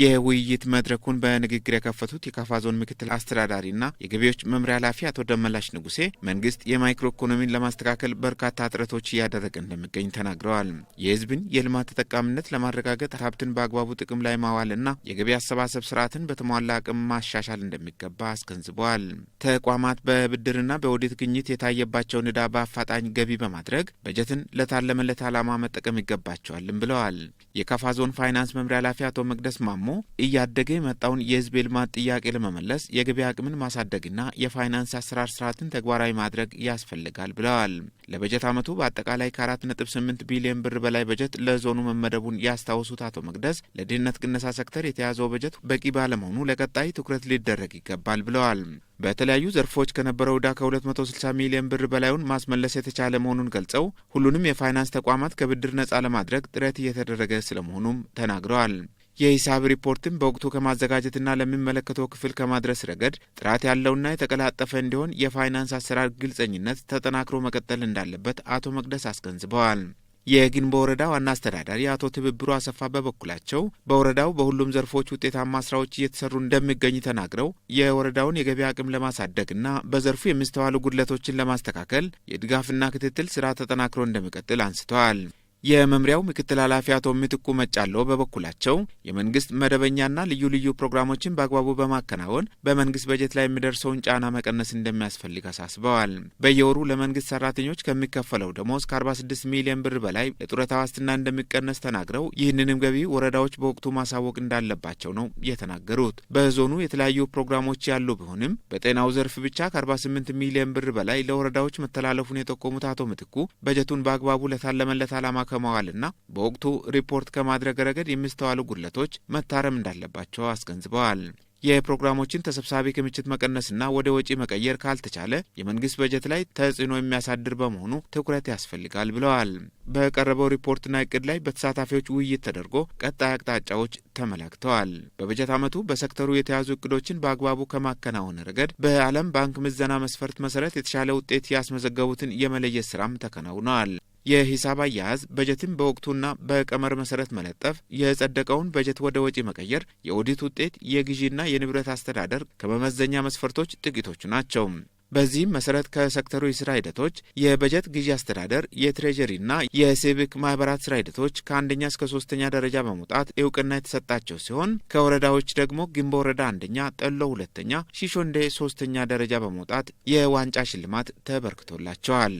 የውይይት መድረኩን በንግግር የከፈቱት የካፋ ዞን ምክትል አስተዳዳሪና የገቢዎች መምሪያ ኃላፊ አቶ ደመላሽ ንጉሴ መንግስት የማይክሮ ኢኮኖሚን ለማስተካከል በርካታ ጥረቶች እያደረገ እንደሚገኝ ተናግረዋል። የህዝብን የልማት ተጠቃሚነት ለማረጋገጥ ሀብትን በአግባቡ ጥቅም ላይ ማዋልና የገቢ አሰባሰብ ስርዓትን በተሟላ አቅም ማሻሻል እንደሚገባ አስገንዝበዋል። ተቋማት በብድርና በወዴት ግኝት የታየባቸውን ዕዳ በአፋጣኝ ገቢ በማድረግ በጀትን ለታለመለት ዓላማ መጠቀም ይገባቸዋልም ብለዋል። የካፋ ዞን ፋይናንስ መምሪያ ኃላፊ አቶ መቅደስ ማሙ ደግሞ እያደገ የመጣውን የህዝብ የልማት ጥያቄ ለመመለስ የገበያ አቅምን ማሳደግና የፋይናንስ አሰራር ስርዓትን ተግባራዊ ማድረግ ያስፈልጋል ብለዋል። ለበጀት ዓመቱ በአጠቃላይ ከ4.8 ቢሊዮን ብር በላይ በጀት ለዞኑ መመደቡን ያስታወሱት አቶ መቅደስ ለድህነት ቅነሳ ሴክተር የተያዘው በጀት በቂ ባለመሆኑ ለቀጣይ ትኩረት ሊደረግ ይገባል ብለዋል። በተለያዩ ዘርፎች ከነበረው ዕዳ ከ260 ሚሊዮን ብር በላዩን ማስመለስ የተቻለ መሆኑን ገልጸው ሁሉንም የፋይናንስ ተቋማት ከብድር ነፃ ለማድረግ ጥረት እየተደረገ ስለመሆኑም ተናግረዋል። የሂሳብ ሪፖርትን በወቅቱ ከማዘጋጀትና ለሚመለከተው ክፍል ከማድረስ ረገድ ጥራት ያለውና የተቀላጠፈ እንዲሆን የፋይናንስ አሰራር ግልጸኝነት ተጠናክሮ መቀጠል እንዳለበት አቶ መቅደስ አስገንዝበዋል። የጊንቦ ወረዳ ዋና አስተዳዳሪ አቶ ትብብሩ አሰፋ በበኩላቸው በወረዳው በሁሉም ዘርፎች ውጤታማ ስራዎች እየተሰሩ እንደሚገኝ ተናግረው የወረዳውን የገበያ አቅም ለማሳደግና በዘርፉ የሚስተዋሉ ጉድለቶችን ለማስተካከል የድጋፍና ክትትል ስራ ተጠናክሮ እንደሚቀጥል አንስተዋል። የመምሪያው ምክትል ኃላፊ አቶ ምትኩ መጫለው በበኩላቸው የመንግስት መደበኛና ልዩ ልዩ ፕሮግራሞችን በአግባቡ በማከናወን በመንግስት በጀት ላይ የሚደርሰውን ጫና መቀነስ እንደሚያስፈልግ አሳስበዋል። በየወሩ ለመንግስት ሰራተኞች ከሚከፈለው ደሞዝ ከ46 ሚሊዮን ብር በላይ ለጡረታ ዋስትና እንደሚቀነስ ተናግረው ይህንንም ገቢ ወረዳዎች በወቅቱ ማሳወቅ እንዳለባቸው ነው የተናገሩት። በዞኑ የተለያዩ ፕሮግራሞች ያሉ ቢሆንም በጤናው ዘርፍ ብቻ ከ48 ሚሊዮን ብር በላይ ለወረዳዎች መተላለፉን የጠቆሙት አቶ ምትኩ በጀቱን በአግባቡ ለታለመለት አላማ። ከመዋልና በወቅቱ ሪፖርት ከማድረግ ረገድ የሚስተዋሉ ጉድለቶች መታረም እንዳለባቸው አስገንዝበዋል። የፕሮግራሞችን ተሰብሳቢ ክምችት መቀነስና ወደ ወጪ መቀየር ካልተቻለ የመንግስት በጀት ላይ ተጽዕኖ የሚያሳድር በመሆኑ ትኩረት ያስፈልጋል ብለዋል። በቀረበው ሪፖርትና እቅድ ላይ በተሳታፊዎች ውይይት ተደርጎ ቀጣይ አቅጣጫዎች ተመላክተዋል። በበጀት ዓመቱ በሴክተሩ የተያዙ እቅዶችን በአግባቡ ከማከናወን ረገድ በዓለም ባንክ ምዘና መስፈርት መሰረት የተሻለ ውጤት ያስመዘገቡትን የመለየት ስራም ተከናውነዋል። የሂሳብ አያያዝ በጀትን በወቅቱና በቀመር መሰረት መለጠፍ፣ የጸደቀውን በጀት ወደ ወጪ መቀየር፣ የኦዲት ውጤት፣ የግዢና የንብረት አስተዳደር ከመመዘኛ መስፈርቶች ጥቂቶቹ ናቸው። በዚህም መሰረት ከሴክተሩ የስራ ሂደቶች የበጀት ግዢ አስተዳደር፣ የትሬጀሪና የሲቪክ ማህበራት ስራ ሂደቶች ከአንደኛ እስከ ሶስተኛ ደረጃ በመውጣት እውቅና የተሰጣቸው ሲሆን ከወረዳዎች ደግሞ ግንቦ ወረዳ አንደኛ፣ ጠሎ ሁለተኛ፣ ሺሾንዴ ሶስተኛ ደረጃ በመውጣት የዋንጫ ሽልማት ተበርክቶላቸዋል።